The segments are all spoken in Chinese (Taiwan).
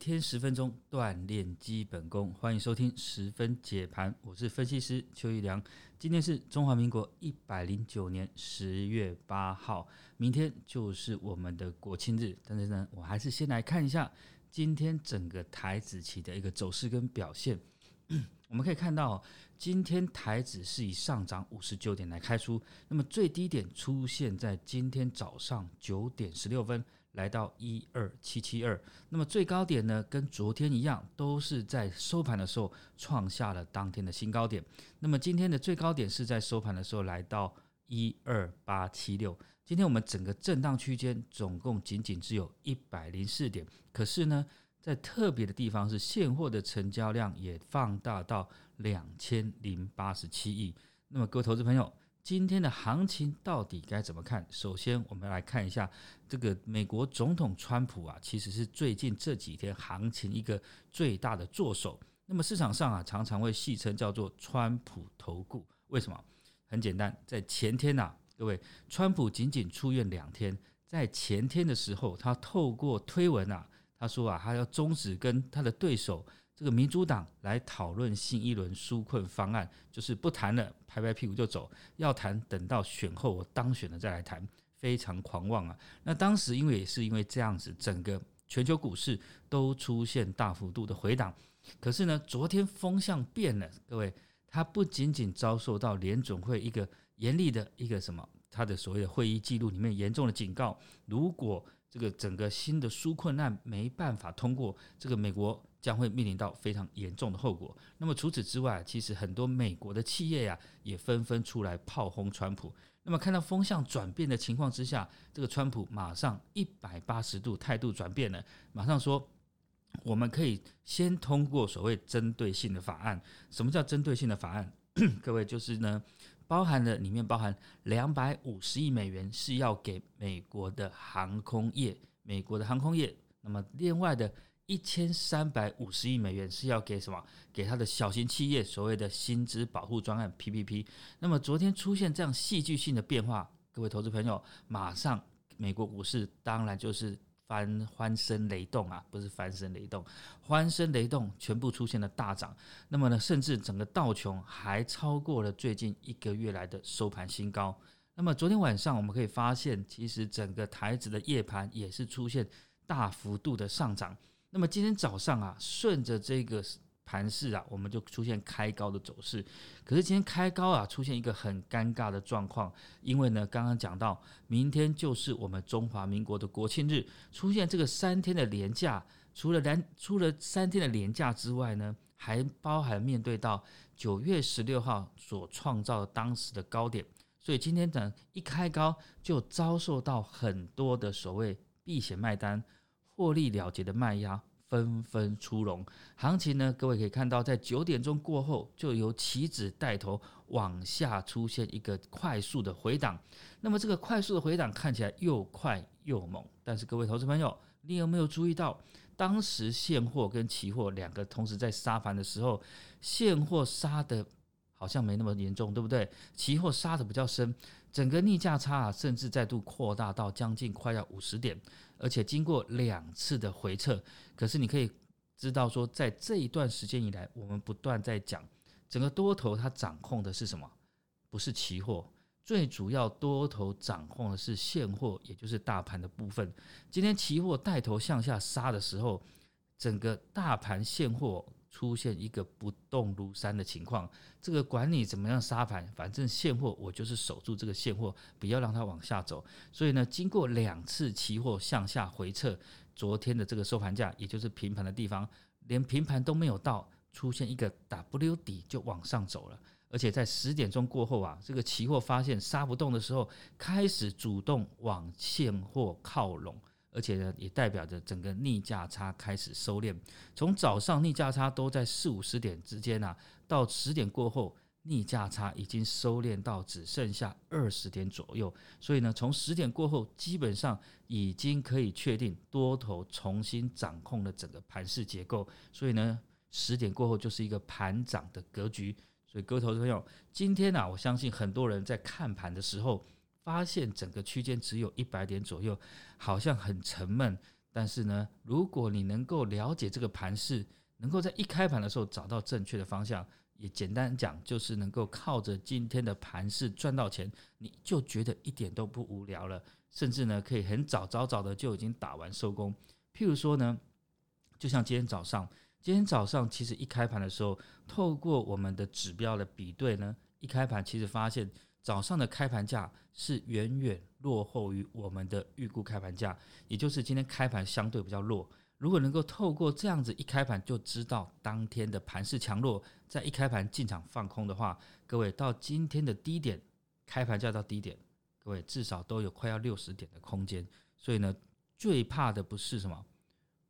一天十分鐘鍛鍊基本功，歡迎收聽十分解盤，我是分析師邱玉良。今天是中華民國一百零九年十月八號，明天就是我們的國慶日。但是呢，我還是先來看一下今天整個台指期的一個走勢跟表現。我們可以看到，今天台指是以上漲五十九點來開出，那麼最低點出現在今天早上九點十六分，來到一二七七二，那麼最高點呢，跟昨天一樣，都是在收盤的時候創下了當天的新高點。那麼今天的最高點是在收盤的時候來到一二八七六。今天我們整個震盪區間總共僅僅只有一百零四點，可是呢，在特別的地方是現貨的成交量也放大到兩千零八十七億。那麼各位投資朋友。今天的行情到底該怎麼看？首先，我們來看一下這個美國總統川普啊，其實是最近這幾天行情一個最大的作手。那麼市場上啊，常常會戲稱叫做“川普投顧”。為什麼？很簡單，在前天吶、啊，各位，川普僅僅出院兩天，在前天的時候，他透過推文啊，他說啊，他要終止跟他的對手。這個民主黨來討論新一輪紓困方案，就是不談了，拍拍屁股就走；要談，等到選後我當選了再來談，非常狂妄啊！那當時因為也是因為這樣子，整個全球股市都出現大幅度的回檔。可是呢，昨天風向變了，各位，他不僅僅遭受到聯準會一個嚴厲的一個什麼，他的所謂的會議記錄裡面嚴重的警告，如果這個整個新的紓困案沒辦法通過，這個美國。將會面臨到非常嚴重的後果。那麼除此之外，其實很多美國的企業呀、啊，也紛紛出來炮轟川普。那麼看到風向轉變的情況之下，這個川普馬上一百八十度態度轉變了，馬上說我們可以先通過所謂針對性的法案。什麼叫針對性的法案？各位就是呢，包含了裡面包含兩百五十億美元是要給美國的航空業，美國的航空業。那麼另外的。一千三百五十億美元是要給什麼？給他的小型企業所謂的薪資保護專案 （PPP）。那麼昨天出現這樣戲劇性的變化，各位投資朋友，馬上美國股市當然就是翻歡聲雷動啊，不是翻身雷動，歡聲雷動，全部出現了大漲。那麼呢，甚至整個道瓊還超過了最近一個月來的收盤新高。那麼昨天晚上我們可以發現，其實整個台指的夜盤也是出現大幅度的上漲。那麼今天早上啊，順着這個盤勢啊，我們就出現開高的走勢。可是今天開高啊，出現一個很尷尬的狀況，因為呢，剛剛講到，明天就是我們中華民國的國慶日，出現這個三天的連假。除了然，除了三天的連假之外呢，還包含面對到九月十六號所創造的當時的高點。所以今天呢，一開高就遭受到很多的所謂避險賣單。獲利了結的賣壓紛紛出籠，行情呢？各位可以看到，在九點鐘過後，就由期指帶頭往下出現一個快速的回檔。那麼這個快速的回檔看起來又快又猛，但是各位投資朋友，你有沒有注意到，當時現貨跟期貨兩個同時在殺盤的時候，現貨殺的好像沒那麼嚴重，對不對？期貨殺的比較深。整個逆價差啊，甚至再度擴大到將近快要五十點，而且經過兩次的回測，可是你可以知道說，在這一段時間以來，我們不斷在講，整個多頭它掌控的是什麼？不是期貨，最主要多頭掌控的是現貨，也就是大盤的部分。今天期貨帶頭向下殺的時候，整個大盤現貨。出現一個不動如山的情況，這個管你怎麼樣殺盤，反正現貨我就是守住這個現貨，不要讓它往下走。所以呢，經過兩次期貨向下回測，昨天的這個收盤價，也就是平盤的地方，連平盤都沒有到，出現一個 W 底就往上走了。而且在十點鐘過後啊，這個期貨發現殺不動的時候，開始主動往現貨靠攏。而且呢，也代表着整個逆價差開始收斂。從早上逆價差都在四五十點之間啊，到十點過後，逆價差已經收斂到只剩下二十點左右。所以呢，從十點過後，基本上已經可以確定多頭重新掌控了整個盤勢結構。所以呢，十點過後就是一個盤漲的格局。所以各位投資朋友，今天呢、啊，我相信很多人在看盤的時候。發現整個區間只有一百點左右，好像很沉悶。但是呢，如果你能夠了解這個盤勢，能夠在一開盤的時候找到正確的方向，也簡單講就是能夠靠着今天的盤勢賺到錢，你就覺得一點都不無聊了。甚至呢，可以很早早早的就已經打完收工。譬如說呢，就像今天早上，今天早上其實一開盤的時候，透過我們的指標的比對呢，一開盤其實發現。早上的開盤價是遠遠落後於我們的預估開盤價，也就是今天開盤相對比較弱。如果能夠透過這樣子一開盤就知道當天的盤勢強弱，在一開盤進場放空的話，各位到今天的低點，開盤價到低點，各位至少都有快要六十點的空間。所以呢，最怕的不是什麼，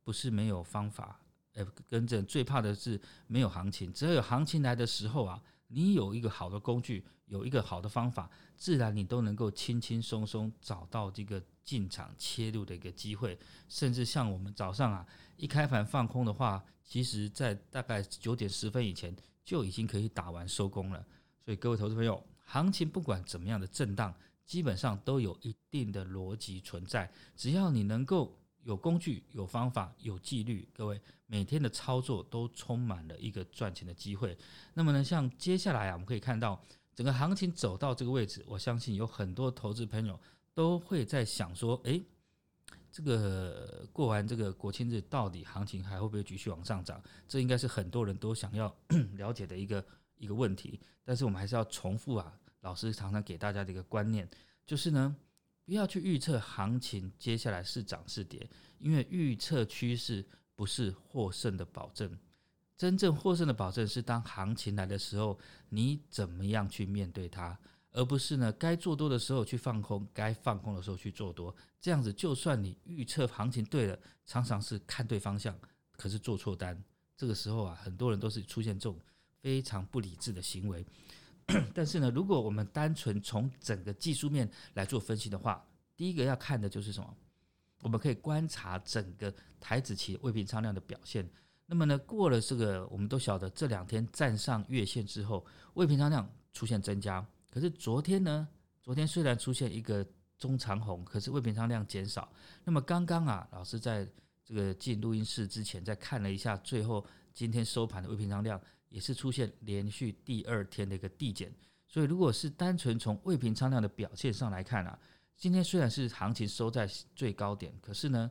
不是沒有方法，哎、欸，更正最怕的是沒有行情。只要有行情來的時候啊，你有一個好的工具，有一個好的方法，自然你都能夠輕輕鬆鬆找到這個進場切入的一個機會。甚至像我們早上啊，一開盤放空的話，其實在大概九點十分以前就已經可以打完收工了。所以各位投資朋友，行情不管怎麼樣的震盪，基本上都有一定的邏輯存在。只要你能夠有工具，有方法，有紀律，各位每天的操作都充滿了一個賺錢的機會。那麼呢，像接下來啊，我們可以看到整個行情走到這個位置，我相信有很多投資朋友都會在想說，哎、欸，這個過完這個國慶日，到底行情還會不會繼續往上漲？這應該是很多人都想要了解的一個一個問題。但是我們還是要重複啊，老師常常給大家的一個觀念，就是呢。不要去預測行情接下來是漲是跌，因為預測趨勢不是獲勝的保證。真正獲勝的保證是當行情來的時候，你怎麼樣去面對它，而不是呢，該做多的時候去放空，該放空的時候去做多。這樣子，就算你預測行情對了，常常是看對方向，可是做錯單。這個時候啊，很多人都是出現這種非常不理智的行為。 但是呢，如果我們單純從整個技術面來做分析的話，第一個要看的就是什麼？我們可以觀察整個台指期未平倉量的表現。那麼呢，過了這個，我們都曉得這兩天站上月線之後，未平倉量出現增加。可是昨天呢，昨天雖然出現一個中長紅，可是未平倉量減少。那麼剛剛啊，老師在這個進錄音室之前，再看了一下，最後今天收盤的未平倉量。也是出現連續第二天的一個遞減，所以如果是單純從未平倉量的表現上來看啊，今天雖然是行情收在最高點，可是呢，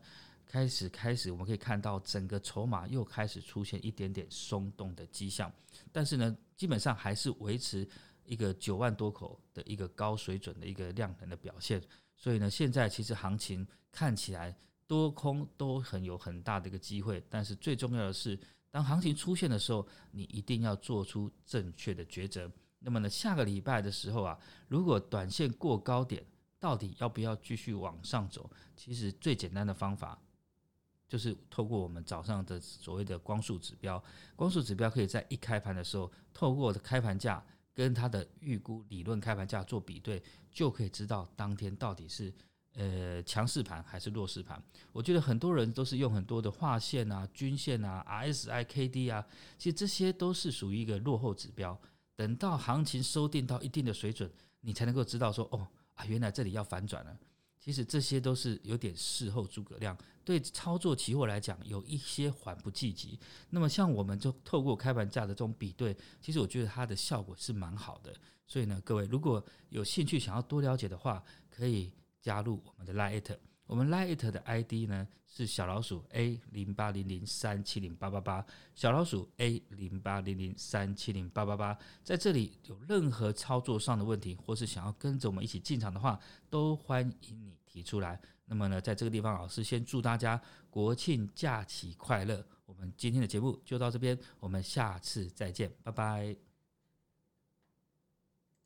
開始開始我們可以看到整個籌碼又開始出現一點點鬆動的跡象，但是呢，基本上還是維持一個九萬多口的一個高水準的一個量能的表現，所以呢，現在其實行情看起來多空都很有很大的一個機會，但是最重要的是。當行情出現的時候，你一定要做出正確的抉擇。那麼呢，下個禮拜的時候啊，如果短線過高點，到底要不要繼續往上走？其實最簡單的方法，就是透過我們早上的所謂的光速指標，光速指標可以在一開盤的時候，透過的開盤價跟它的預估理論開盤價做比對，就可以知道當天到底是。呃，強勢盤還是弱勢盤？我覺得很多人都是用很多的畫線啊、均線啊、R S I K D 啊，其實這些都是屬於一個落後指標。等到行情收定到一定的水準，你才能夠知道說哦啊，原來這裡要反轉了。其實這些都是有點事後諸葛亮，對操作期貨來講有一些緩不濟急。那麼像我們就透過開盤價的這種比對，其實我覺得它的效果是蠻好的。所以呢，各位如果有興趣想要多了解的話，可以。加入我們的 Line@ 我們 Line@ 的 ID 呢是小老鼠 A 零八零零三七零八八八，小老鼠 A 零八零零三七零八八八。在這裡有任何操作上的問題，或是想要跟着我們一起進場的話，都歡迎你提出來。那麼呢，在這個地方，老師先祝大家國慶假期快樂。我們今天的節目就到這邊，我們下次再見，拜拜。